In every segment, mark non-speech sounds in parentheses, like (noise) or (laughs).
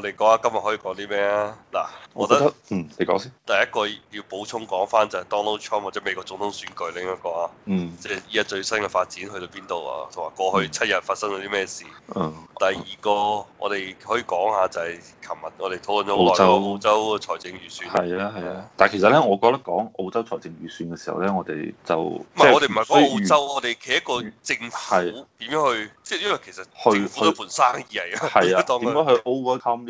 我哋講下今日可以講啲咩啊？嗱，我覺得嗯，你講先。第一個要補充講翻就係 Donald Trump 或者美國總統選舉另一個啊，嗯，即係依家最新嘅發展去到邊度啊，同埋過去七日發生咗啲咩事嗯。嗯。第二個我哋可以講下就係琴日我哋討論咗好耐嘅澳洲嘅澳洲，澳洲財政預算。係啊係啊，啊，但係其實咧，我覺得講澳洲財政預算嘅時候咧，我哋就唔係我哋唔係講澳洲，我哋企一個政府點樣去，即係因為其實政府都盤生意嚟嘅。係啊，點解去、啊啊啊啊、澳 v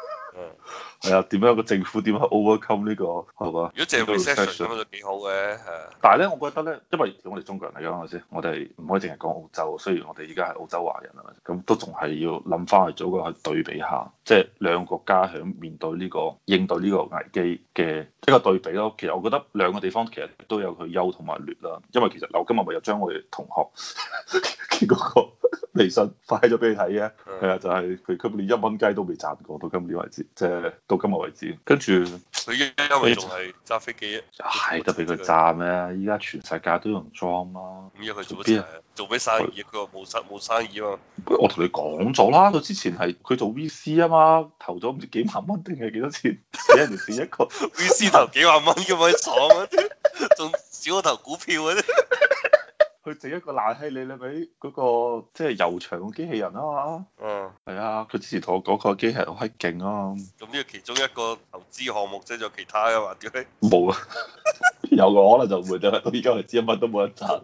嗯，係啊，哎，點樣個政府點樣去 overcome 呢個係嘛？如果借 recession 幾好嘅係。但係咧，我覺得咧，因為我哋中國人嚟㗎，係咪先？我哋唔可以淨係講澳洲，雖然我哋而家係澳洲華人啊，咁都仲係要諗翻去祖國去對比下，即係兩個國家響面對呢個應對呢個危機嘅一個對比咯。其實我覺得兩個地方其實都有佢優同埋劣啦。因為其實劉今日咪又將我哋同學見過，那個微信快咗俾你睇嘅，係啊，就係佢佢連一蚊雞都未賺過到今年為止，即係到今日為止。跟住佢依家咪仲係揸飛機啊？係都俾佢賺咩？依家全世界都用裝啦、啊。咁因為佢做啲，啊？做咩生意？佢話冇生冇生意啊嘛。不過我同你講咗啦，佢之前係佢做 V C 啊嘛，投咗唔知幾萬蚊定係幾多錢俾人哋一個 V C (laughs) (laughs) 投幾萬蚊咁嘅位啲，仲、啊、少過投股票啲、啊。佢整一個爛氣、那個，你你咪嗰個即係遊場嘅機器人啊嘛，嗯、哎，係啊，佢之前同我講、那個機器人好閪勁啊，咁呢個其中一個投資項目，即係做其他嘅話點咧？冇啊，有個可能就唔會，但係到依家嚟知一蚊都冇得賺。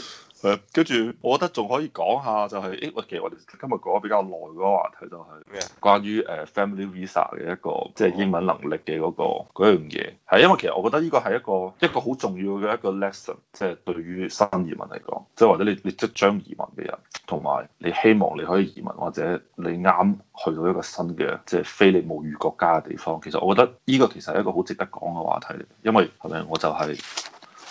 (laughs) 跟住我覺得仲可以講下就係，誒，我其實我哋今日講比較耐嗰個話題就係咩？關於 family visa 嘅一個，即係英文能力嘅嗰個嗰樣嘢，係因為其實我覺得呢個係一個一個好重要嘅一個 lesson，即係對於新移民嚟講，即係或者你你即將移民嘅人，同埋你希望你可以移民或者你啱去到一個新嘅即係非你母語國家嘅地方，其實我覺得呢個其實係一個好值得講嘅話題嚟，因為係咪？我就係。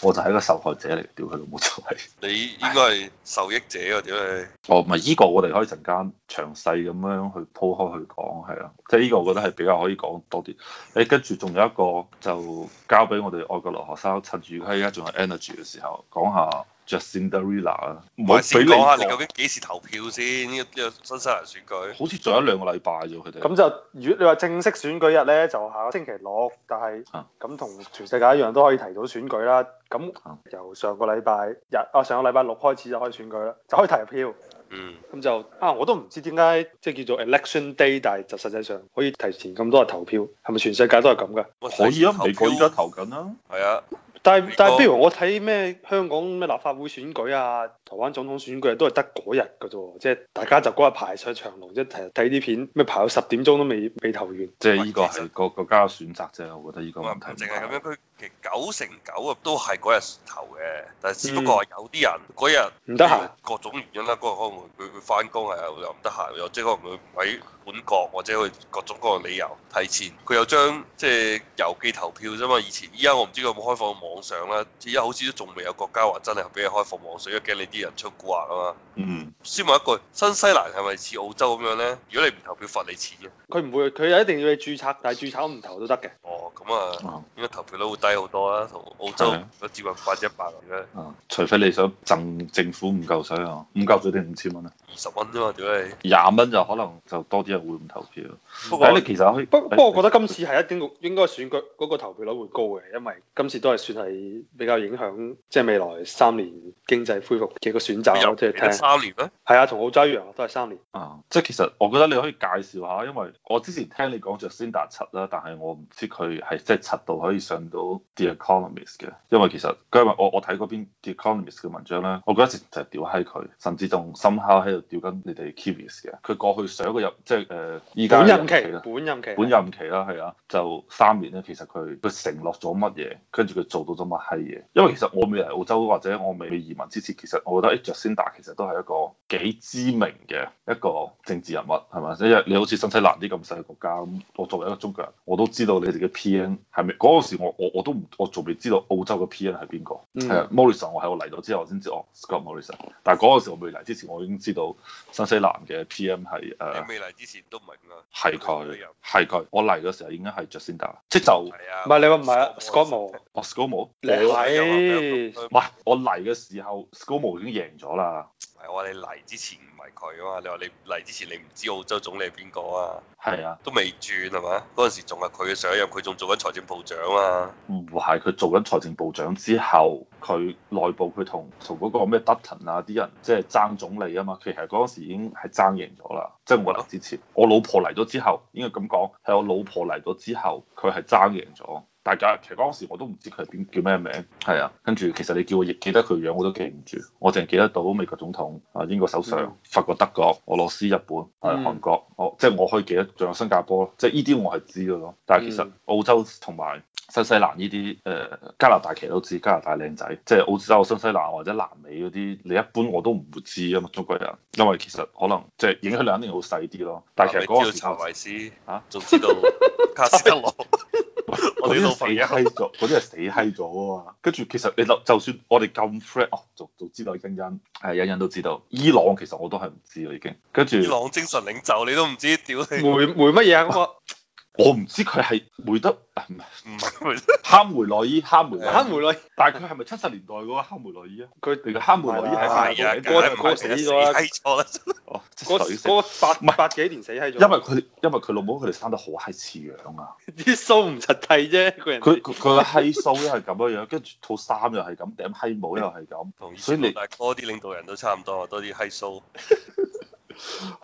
我就係一個受害者嚟，屌佢老母真係。你應該係受益者啊，屌你。哎、哦，唔係依個我哋可以陣間詳細咁樣去鋪開去講，係咯，即係依個我覺得係比較可以講多啲。誒、哎，跟住仲有一個就交俾我哋愛國留學生，趁住佢而家仲有 energy 嘅時候講下。Justin 的 Rina 啊，唔好俾你。講你究竟幾時投票先？呢、呢個新西蘭選舉，好似仲有一兩個禮拜咗。佢哋。咁就如果你話正式選舉日咧，就下個星期六。但係咁同全世界一樣都可以提早選舉啦。咁、嗯、由上個禮拜日啊，上個禮拜六開始就可以選舉啦，就可以提前票。嗯。咁就啊，我都唔知點解即係叫做 election day，但係就實際上可以提前咁多日投票，係咪全世界都係咁㗎？可以啊，美國依家投緊啊。係啊。但係但係，譬如我睇咩香港咩立法會選舉啊，台灣總統選舉啊，都係得嗰日嘅啫，即係大家就嗰日排長龍，即係睇睇啲片，咩排到十點鐘都未未投完。即係呢個係國國家嘅選擇啫，我覺得呢個問題。其實九成九啊，都係嗰日投嘅，但係只不過係有啲人嗰日唔得閒，各種原因啦，嗰日可能佢佢翻工係又唔得閒，又即係可能佢唔喺本國或者去各種各樣理由提前，佢又將即係郵寄投票啫嘛。以前依家我唔知佢有冇開放網上啦，依家好似都仲未有國家話真係俾佢開放網上，因為驚你啲人出古惑啊嘛。嗯。先問一句，新西蘭係咪似澳洲咁樣咧？如果你唔投票罰你錢啊？佢唔會，佢一定要你註冊，但係註冊唔投都得嘅。哦，咁啊，應該投票率好低？好多啦，同澳洲嗰接近百分之一百咁啊，除非你想贈政府唔夠水啊，唔夠水定五千蚊啊，二十蚊啫嘛，除你廿蚊就可能就多啲人會唔投票。不過你其實可以，不過，你不過我覺得今次係一定應該選舉嗰個投票率會高嘅，因為今次都係算係比較影響即係、就是、未來三年經濟恢復嘅個選擇咯，即係聽三年咯，係啊，同澳洲一樣都係三年。啊，即係其實我覺得你可以介紹下，因為我之前聽你講著先達七啦，但係我唔知佢係即係七度可以上到。The Economist 嘅，因為其實今日我我睇嗰邊 The Economist 嘅文章咧，我嗰時就屌閪佢，甚至仲深刻喺度屌緊你哋 Kiwis 嘅。佢過去上一個任即係誒，本任期啦，本任期，本任期啦，係啊的，就三年咧。其實佢佢承諾咗乜嘢，跟住佢做到咗乜閪嘢？因為其實我未嚟澳洲或者我未移民之前，其實我覺得 Jacinda 其實都係一個幾知名嘅一個政治人物，係咪？因為你好似新西蘭啲咁細嘅國家咁，我作為一個中國人，我都知道你哋嘅 PN 係咪？嗰陣時我我我。我我我都唔，我仲未知道澳洲嘅 PM 係邊個，係、嗯、啊 Morrison 我喺我嚟咗之後我先知哦，Scott Morrison 但係嗰個時候我未嚟之前我已經知道新西蘭嘅 PM 係誒，未、uh, 嚟之前都唔係咁啊，係佢、啊，係佢，我嚟嘅時候已經係 Jacinda 即就唔係你話唔係啊 Scott Mo Scott Mo，你，唔係我嚟嘅時候 Scott Mo 已經贏咗啦。嗯係話你嚟之前唔係佢啊嘛？你話你嚟之前你唔知澳洲總理係邊個啊，是啊？係啊，都未轉係嘛？嗰陣時仲係佢嘅上一任，佢仲做緊財政部長啊。唔係佢做緊財政部長之後，佢內部佢同同嗰個咩 Dutton 啊啲人即係、就是、爭總理啊嘛。其實嗰陣時已經係爭贏咗啦。即係冇嚟之前，啊、我老婆嚟咗之後，應該咁講係我老婆嚟咗之後，佢係爭贏咗。大家其實嗰時我都唔知佢叫咩名，係啊，跟住其實你叫我記得我記得佢樣我都記唔住，我淨係記得到美國總統、啊英國首相、法國、德國、俄羅斯、日本、韓國，我、嗯哦、即係我可以記得仲有新加坡咯，即係呢啲我係知嘅咯。但係其實澳洲同埋新西蘭呢啲誒加拿大其實都知，加拿大靚仔，即係澳洲、新西蘭或者南美嗰啲，你一般我都唔會知啊嘛，中國人，因為其實可能即係影響力肯定好細啲咯。但係其實嗰個時候，查維斯，就、啊、知道卡斯特羅。我哋都死閪咗，嗰啲係死閪咗啊嘛。 (laughs) 跟住 (laughs) 其實你就就算我哋咁 friend，哦，就就知道一陣間，係人人都知道。伊朗其實我都係唔知咯，已經跟住。伊朗精神領袖你都唔知，屌你。回回乜嘢啊？ (laughs) (laughs) 我唔知佢係梅德唔係，哈梅內伊，哈梅，哈梅內伊，但係佢係咪七十年代嗰個哈梅內伊啊？佢哋嘅哈梅內伊係個咩嚟嘅？死咗啦，死咗啦！哦，嗰嗰八八幾年死咗。因為佢因為佢老母佢哋生得好閪似樣啊，啲鬚唔實際啫。佢人佢佢個閪鬚又係咁樣樣，跟住套衫又係咁，頂閪帽又係咁。所以你大哥啲領導人都差唔多，多啲閪鬚。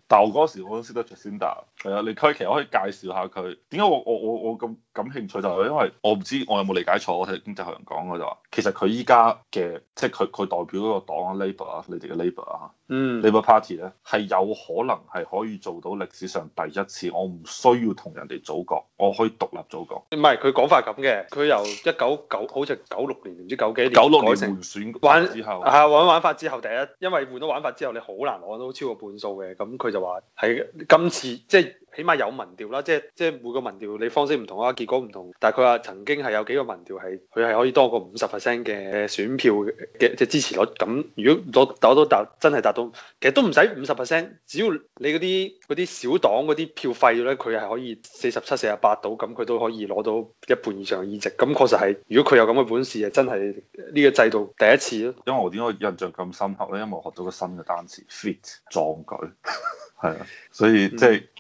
但係我嗰時我都識得 Jacinda 係啊，你可以其實可以介紹下佢點解我我我我咁感興趣就係、是、因為我唔知我有冇理解錯，我聽經濟學人講佢就話其實佢依家嘅即係佢佢代表嗰個黨啊 Labour 啊，Labor, 你哋嘅 Labour 啊、嗯、，Labour Party 咧係有可能係可以做到歷史上第一次，我唔需要同人哋組閣，我可以獨立組閣。唔係佢講法咁嘅，佢由一九九好似九六年唔知九幾年改成年選舉之後，係玩，玩玩法之後第一，因為換咗玩法之後你好難攞到超過半數。咁佢、嗯、就話：「係今次即係。」起碼有民調啦，即係即係每個民調你方式唔同啊，結果唔同。但係佢話曾經係有幾個民調係佢係可以多過五十 percent 嘅選票嘅，即係支持率。咁如果攞到真係達到，其實都唔使五十 percent，只要你嗰啲啲小黨嗰啲票廢咗咧，佢係可以四十七四十八到咁，佢都可以攞到一半以上嘅議席。咁確實係，如果佢有咁嘅本事，係真係呢個制度第一次咯。因為我點解印象咁深刻咧？因為我學到個新嘅單詞 fit 壯舉，係啊，所以即係。即係嗯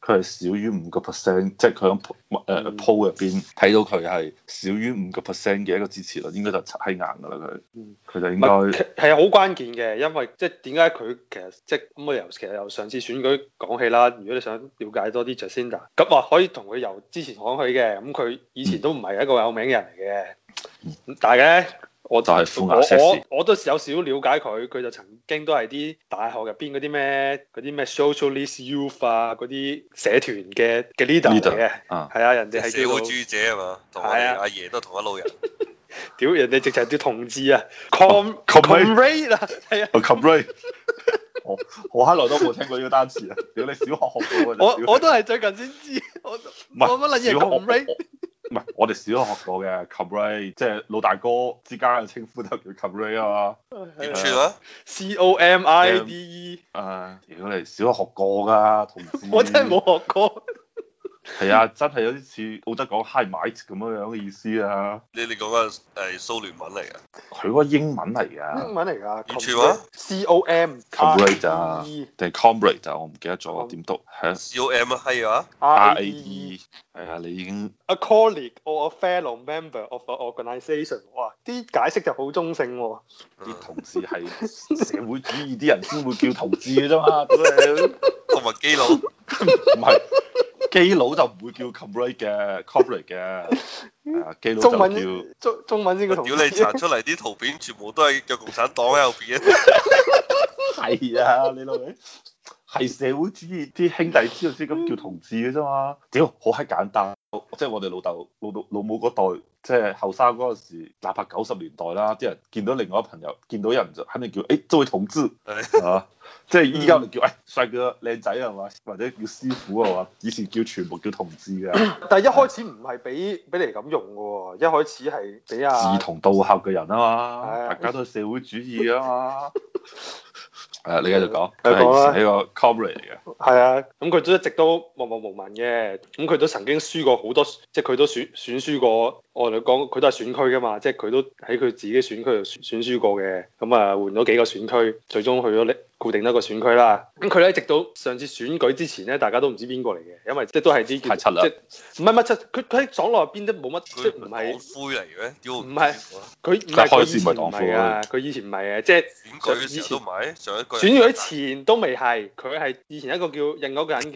佢係少於五個 percent，即係佢喺誒 poll 入邊睇到佢係少於五個 percent 嘅一個支持率，應該就係閪硬噶啦佢，佢、嗯、就應該係好關鍵嘅，因為即係點解佢其實即係咁啊？由、就是、其實由上次選舉講起啦，如果你想了解多啲 Jacinda 咁啊可以同佢由之前講起嘅，咁佢以前都唔係一個有名人嚟嘅，咁、嗯、但係咧。我就係封牙塞我，我都有少了解佢，佢就曾經都係啲大學入邊嗰啲咩嗰啲咩 socialist youth 啊嗰啲社團嘅嘅 leader 嘅，係啊，人哋係社會主義者啊嘛，同我哋阿爺都同一路人。屌，人哋直情係啲同志啊，comrade 啊，係啊。comrade。我我好耐都冇聽過呢個單詞啊。屌，你小學學過。我我都係最近先知，我我乜撚嘢 comrade。唔係 (laughs) 我哋小學學過嘅 comrade 即係老大哥之間嘅稱呼，都叫 comrade 啊嘛。點算咧？C O M I D E、嗯、啊！屌你，小學學過噶，同事 (laughs) 我真係冇學過。 (laughs) 係啊，真係有啲似好得講 highlight 咁樣樣嘅意思啊！你哋講嘅係蘇聯文嚟嘅，佢嗰個英文嚟嘅，英文嚟嘅，點讀啊？C O M comrade 定 comrade 我唔記得咗點讀，係 C O M 啊，係啊，R A E 係啊，你已經 a colleague or a fellow member of an organisation，哇！啲解釋就好中性喎，啲同事係社會主義啲人先會叫同志嘅啫嘛，同埋基佬唔係。基佬就唔會叫 comrade 嘅 comrade 嘅，啊， (laughs) 基佬就叫中中文先叫。屌 (laughs) 你查出嚟啲圖片全部都係叫共產黨喺後邊啊！係啊，你老味，係社會主義啲兄弟知道先咁叫同志嘅啫嘛。屌，好閪簡單，即係我哋老豆、老老老母嗰代。即係後生嗰陣時，哪怕九十年代啦，啲人見到另外一個朋友，見到人就肯定叫誒，都、哎、會同志 (laughs) 啊！即係依家咪叫誒，帥、 (laughs) 哎、哥靚仔係嘛，或者叫師傅係嘛，以前叫全部叫同志嘅。 (laughs) 但係一開始唔係俾俾你咁用嘅，一開始係俾啊，志同道合嘅人啊嘛，大家都係社會主義啊嘛。 (laughs) (laughs) 啊，你繼續講。佢講啦，係個 comrade 嚟嘅。係啊，咁佢都一直都默默無聞嘅。咁佢都曾經輸過好多，即係佢都選選輸過。我同你講佢都係選區噶嘛，即係佢都喺佢自己選區度選選輸過嘅。咁啊，換咗幾個選區，最終去咗固定得個選區啦，咁佢咧直到上次選舉之前咧，大家都唔知邊個嚟嘅，因為即係都係啲叫，即唔係唔係七，佢佢喺黨內邊都冇乜，即唔係黨魁嚟嘅，唔係佢，但係開佢以前唔係啊，佢以前唔係啊，即係、就是、選舉之前都唔係，上一選舉前都未係，佢係以前一個叫印嗰個人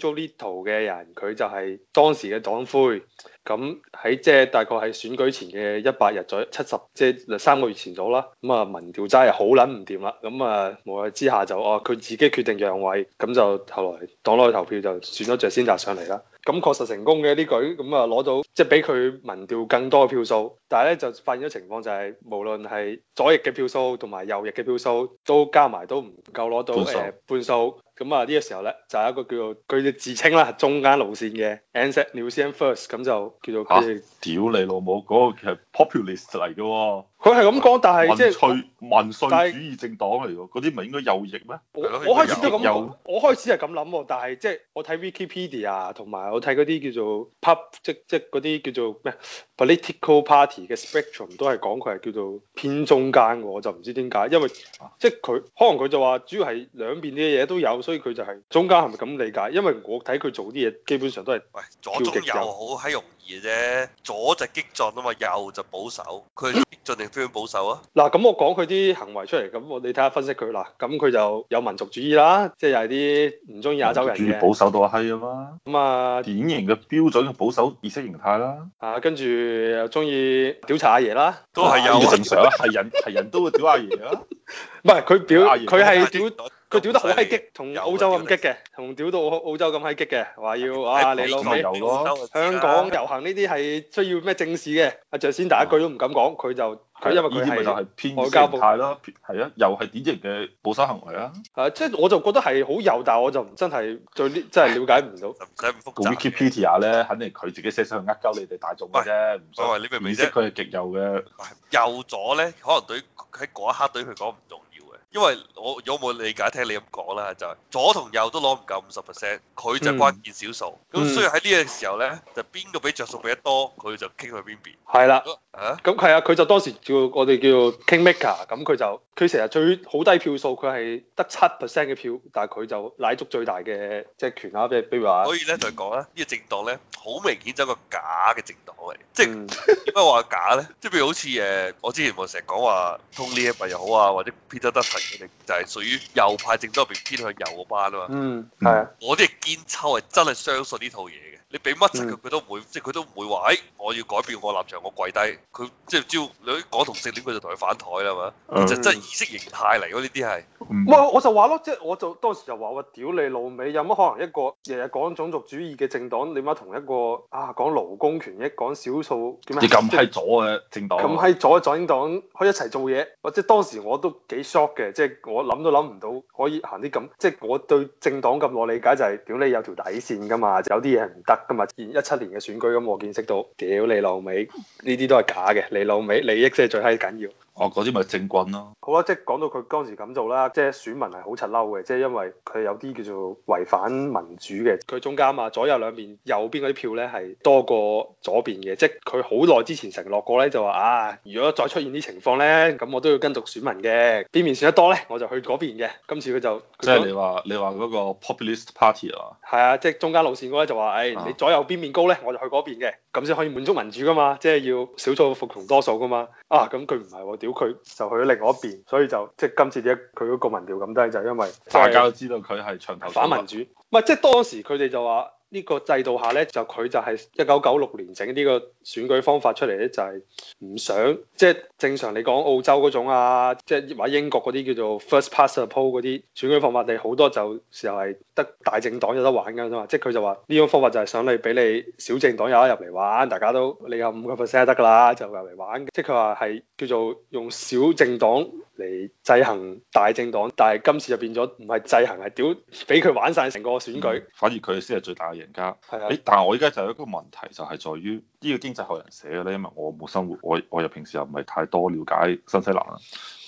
叫 Angelito 嘅人，佢就係當時嘅黨魁。咁喺即係大概係選舉前嘅一百日左右，七十，即係三個月前左右啦。咁啊，民調真係好撚唔掂啦。咁啊，無奈之下就哦，佢、啊、自己決定讓位。咁就後來黨內投票就選咗卓先澤上嚟啦。咁確實成功嘅呢舉，咁啊攞到即係俾佢民調更多嘅票數。但係咧就發現咗情況就係、是，無論係左翼嘅票數同埋右翼嘅票數都加埋都唔夠攞到誒手、呃、半數。咁啊呢個時候咧就有，是，一個叫做佢哋自稱啦，係中間路線嘅 NZ New Zealand First 咁就叫做，啊、屌你老母嗰，其實係 populist 嚟嘅，哦。佢係咁講，但係即係民粹民粹主義政黨嚟喎，嗰啲咪係應該右翼咩？我我開始都咁，右我開始係咁諗喎，但係即係我睇 Wikipedia 同埋我睇嗰啲叫做 pub 即即嗰啲叫做咩 political party 嘅 spectrum 都係講佢係叫做偏中間，我就唔知點解，因為、啊、即係佢可能佢就話主要係兩邊啲嘢都有，所以佢就係、係、中間係咪咁理解？因為我睇佢做啲嘢基本上都係左中，左中右好閪用。嘅啫，左就激進啊嘛，右就保守。佢激進定偏向保守啊？嗱、嗯，咁我講佢啲行為出嚟，咁我哋睇下分析佢啦，咁佢就有民族主義啦，即係又係啲唔中意亞洲人嘅保守到阿閪啊嘛。咁啊、嗯，典型嘅標準保守意識形態啦。啊，跟住又中意調查阿爺啦，都係有。正常，係 (laughs) 人係人都會屌阿爺啦。唔係佢表佢係屌，佢屌得好閪激，同澳洲咁激嘅，同屌到澳洲咁閪激嘅，話要啊嚟攞尾香港遊行呢啲係需要咩正事嘅？阿卓先，第一句都唔敢講，佢就佢的因為佢就係偏外交部咯，係啊，又係典型嘅保守行為啊。係啊，即係我就覺得係好右，但係我就真係最呢真係了解唔到。唔使咁複雜。Wikipedia 咧，肯定佢自己寫上去呃鳩你哋大眾嘅啫，唔所謂呢個名聲。佢係極右嘅右左咧，可能對喺嗰一刻對佢講唔到。因為我有冇理解聽你咁講啦，就係、左同右都攞唔夠五十 percent，佢就關鍵少數。咁、嗯、所以喺呢個時候咧，就邊個俾着數俾得多，佢就傾去邊邊。係啦的，嚇咁係啊，佢、啊、就當時叫我哋叫 Kingmaker 咁佢就佢成日最好低票數，佢係得七 percent 嘅票，但係佢就乃足最大嘅只、就係、權啊！即係比如話，所以咧再講啦，呢、呢個政黨咧好明顯就係個假嘅政黨嚟，即係點解話假咧？即係譬如好似誒，我之前咪成日講話 Tony Abbott 又好啊，或者 Peter De。佢哋就係屬於右派政黨入邊偏向右嗰班啊嘛，嗯，係啊，我啲係堅秋係真係相信呢套嘢嘅。你俾乜佢，佢都唔會，即係佢都唔會話，誒、哎，我要改變我立場，我跪低。佢即係招兩你左同正點，佢就同佢反台啦嘛。真即意識形態嚟，呢啲係。唔、嗯，我我就話咯，即係我就當時就話，哇屌你老味，有乜可能一個日日講種族主義嘅政黨，你媽同一個啊講勞工權益、講少數點解你咁閪左嘅政黨，咁閪左嘅翼黨可以一齊做嘢，或者當時我都幾 shock 嘅。即係我諗都諗唔到可以行啲咁，即係我對政黨咁耐理解就係，屌你有條底線噶嘛，有啲嘢係唔得噶嘛。見一七年嘅選舉咁，我見識到，屌你老味，呢啲都係假嘅，你老味利益即係最閪緊要。哦，嗰啲咪政棍咯。好啊，即係講到佢當時咁做啦，即係選民係好柒嬲嘅，即係因為佢有啲叫做違反民主嘅。佢中間啊嘛，左右兩邊右邊嗰啲票咧係多過左邊嘅，即係佢好耐之前承諾過咧，就話啊，如果再出現啲情況咧，咁我都要跟從選民嘅邊面選得多咧，我就去嗰邊嘅。今次佢就他即係你話你話嗰個 populist party 啊？係、嗯、啊，即係中間路線嗰咧就話，唉，你左右邊面高咧，我就去嗰邊嘅，咁先可以滿足民主噶嘛，即係要少數服從多數噶嘛。啊，咁佢唔係佢就去咗另外一邊，所以就即係今次點解佢嗰個民調咁低，就係、是、因為大家都知道佢係長頭反民主，唔係，即係當時佢哋就話。呢個制度下呢，就佢就係一九九六年整呢個選舉方法出嚟呢，就係唔想，即係正常你講澳洲嗰種啊，即係或英國嗰啲叫做 first past the post 嗰啲選舉方法，你好多就時候係得大政黨有得玩噶嘛。即係佢就話呢種方法就係想你俾你小政黨有得入嚟玩，大家都你有五個 percent 得㗎啦，就入嚟玩。即係佢話係叫做用小政黨嚟制衡大政黨，但係今次就變咗唔係制衡，係屌俾佢玩晒成個選舉，嗯、反而佢先係最大。人家，誒，但係我依家就有一個問題，就係、是、在於呢個經濟學人寫嘅咧，因為我冇生活，我我又平時又唔係太多了解新西蘭啊。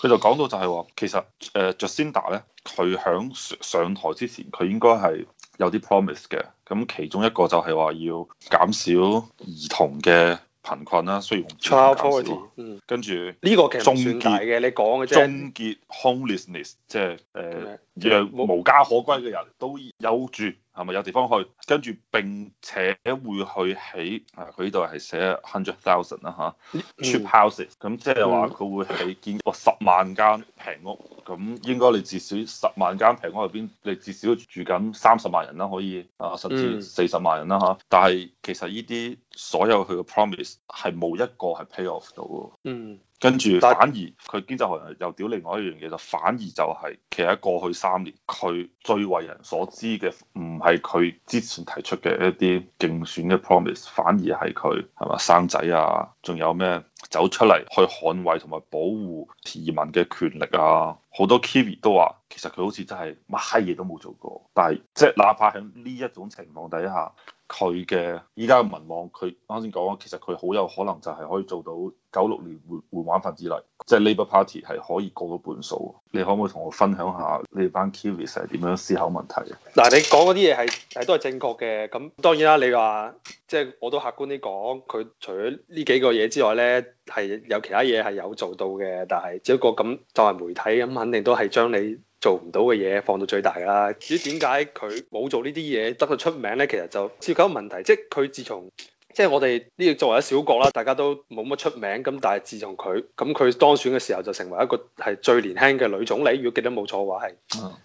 佢就講到就係話，其實誒，Jacinda 咧，佢、uh, 響上台之前，佢應該係有啲 promise 嘅。咁其中一個就係話要減少兒童嘅貧困啦，需要用係跟住著呢個其實算嘅，結你講嘅即係終結 homelessness，即、就、係、是、誒讓、uh, 麼無家可歸嘅人、嗯、都有住。係咪有地方去？跟住並且會去起啊！佢呢度係寫 hundred thousand 啦吓。cheap houses。咁即係話佢會起建過十萬間平屋。咁應該你至少十萬間平屋入邊，你至少住緊三十萬人啦，可以啊，甚至四十萬人啦嚇。啊 mm. 但係其實呢啲所有佢嘅 promise 係冇一個係 pay off 到嘅。Mm. 跟住反而佢經濟學人又屌另外一樣嘢，就反而就係其實過去三年佢最為人所知嘅唔係佢之前提出嘅一啲競選嘅 promise，反而係佢係咪？生仔啊，仲有咩走出嚟去捍衞同埋保護移民嘅權利啊，好多 Kiwi 都話其實佢好似真係乜嘢都冇做過，但係即係哪怕喺呢一種情況底下。佢嘅依家嘅民望，佢啱先講，其實佢好有可能就係可以做到九六年換玩法之類，即係 Labour Party 係可以過到半數。你可唔可以同我分享下你班 Kiwis 係點樣思考問題？嗱，你講嗰啲嘢係係都係正確嘅。咁當然啦，你話即係我都客觀啲講，佢除咗呢幾個嘢之外呢，係有其他嘢係有做到嘅，但係只不過咁作為媒體咁，肯定都係將你。做唔到嘅嘢放到最大啦。至於點解佢冇做呢啲嘢得到出名呢？其實就涉及一個問題，即係佢自從即係我哋呢個作為一小國啦，大家都冇乜出名。咁但係自從佢咁佢當選嘅時候就成為一個係最年輕嘅女總理，如果記得冇錯嘅話係。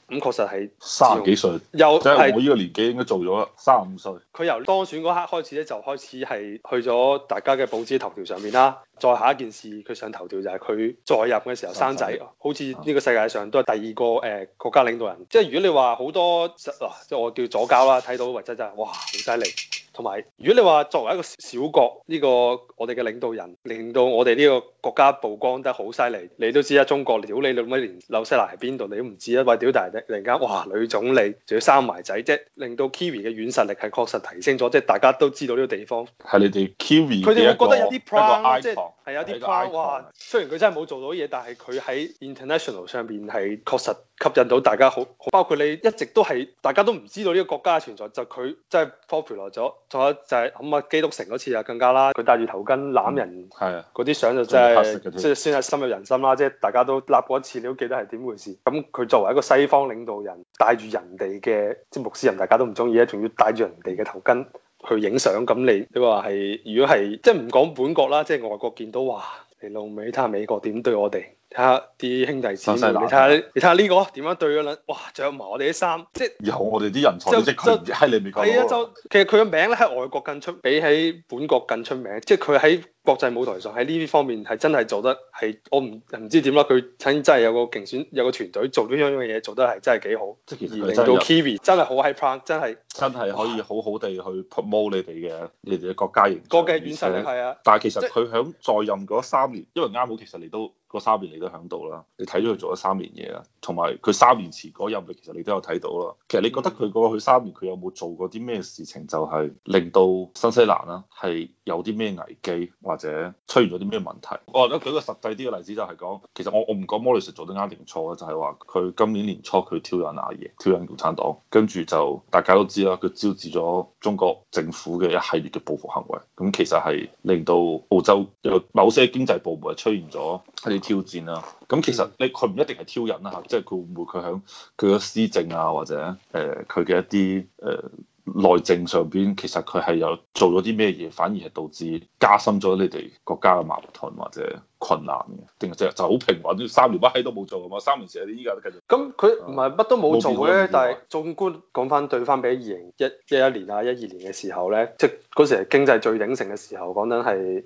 咁確實係三十幾歲，又即係是我呢個年紀應該做咗三十五歲。佢由當選嗰刻開始咧，就開始係去咗大家嘅報紙頭條上面啦。再下一件事，佢上頭條就係佢再任嘅時候生仔，生生好似呢個世界上都係第二個誒、呃、國家領導人。即係如果你話好多，啊、即係我叫左膠啦，睇到維擠擠，哇，好犀利。同埋如果你話作為一個小，小國，呢、呢個我哋嘅領導人令到我哋呢個國家曝光得好犀利。你都知啊，中國屌你老味，連紐西蘭喺邊度你都唔知啊！喂，屌大隻，突然間哇，女總理仲要生埋仔啫，即令到 Kiwi 嘅軟實力係確實提升咗。即係大家都知道呢個地方係你哋 Kiwi 嘅一個 ong, 一個 icon。係有啲誇，哇！雖然佢真係冇做到嘢，但係佢喺 international 上邊係確實吸引到大家好。包括你一直都係大家都唔知道呢個國家嘅存在，就佢、是、真係 popular 咗。仲有就係咁啊，基督城嗰次就更加啦。佢戴住頭巾攬人，嗰啲相就真係即係算係深入人心啦。即係大家都立過一次，你都記得係點回事。咁佢作為一個西方領導人，戴住人哋嘅即係牧師人，大家都唔中意，仲要戴住人哋嘅頭巾。去影相咁，你你話係如果係即係唔講本國啦，即係外國見到哇，你老味睇下美國點對我哋睇下啲兄弟姊妹，你睇下你睇下呢個點樣對佢啦，哇着埋我哋啲衫，即係以後我哋啲人才係喺裏面係啊，就，就其實佢個名咧喺外國更出，比喺本國更出名，即係佢喺。國際舞台上喺呢啲方面係真係做得係，我唔唔知點啦，佢真真係有個競選有個團隊做呢樣嘢，做得係真係幾好。而令到 Kiwi 真係好喺 Plan，真係真係可以好好地去 promote 你哋嘅你哋嘅國家形哇且國際形象。係啊，但係其實佢響在任嗰三年，就是、因為啱好其實你都嗰三年你都喺度啦，你睇咗佢做咗三年嘢啦，同埋佢三年前嗰任嘅其實你都有睇到啦。其實你覺得佢過去三年佢有冇做過啲咩事情，就係令到新西蘭啦係有啲咩危機或者出現咗啲咩問題？我覺得舉個實際啲嘅例子就係講，其實我我唔講莫里斯做得啱定錯啦，就係話佢今年年初佢挑釁阿爺，挑釁共產黨，跟住就大家都知啦，佢招致咗中國政府嘅一系列嘅報復行為。咁其實係令到澳洲某些經濟部門係出現咗一啲挑戰啦。咁其實你佢唔一定係挑釁啦嚇，即係佢會唔會佢響佢嘅施政啊，或者誒佢嘅一啲誒。呃內政上邊其實佢係有做咗啲咩嘢，反而係導致加深咗你哋國家嘅矛盾或者困難嘅，定係就就好平穩啲三年乜閪都冇做啊嘛，三年成你啲依家都繼續。咁佢唔係乜都冇做嘅，但係縱觀講翻對翻俾二零一即係一年啊，一二年嘅時候咧，即係嗰時係經濟最鼎盛嘅時候，講緊係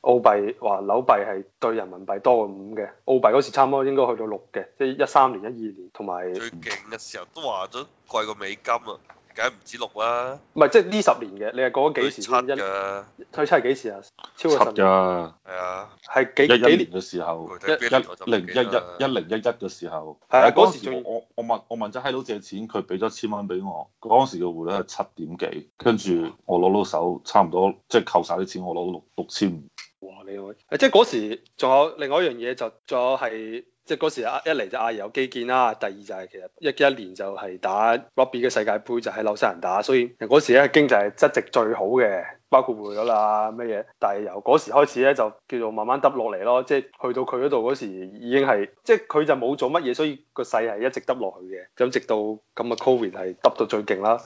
澳幣話紐幣係對人民幣多過五嘅，澳幣嗰時差唔多應該去到六嘅，即係一三年、一二年同埋最勁嘅時候都話咗貴過美金啊。梗唔止六啦、啊，唔係即係呢十年嘅，你係過咗幾，的幾時？差差嘅，退差係幾時啊？超過七㗎，係啊，係幾幾年嘅時候？一零一一一零一一嘅時候，係啊，嗰時最我我問還我問咗閪佬借錢，佢俾咗千蚊俾我，嗰時嘅匯率係七點幾，跟住我攞到手差唔多，即係扣晒啲錢，我攞六六千五。哇！你誒，即係嗰時仲有另外一樣嘢，就仲有係。即係嗰時啊，一嚟就亞有基建啦，第二就係其實一一年就係打 Rugby 嘅世界盃就喺紐西蘭打，所以嗰時咧經濟係質值最好嘅，包括匯率啦乜嘢，但係由嗰時開始咧就叫做慢慢耷落嚟咯，即係去到佢嗰度嗰時已經係即係佢就冇做乜嘢，所以個勢係一直耷落去嘅，咁直到咁嘅 Covid 係耷到最勁啦。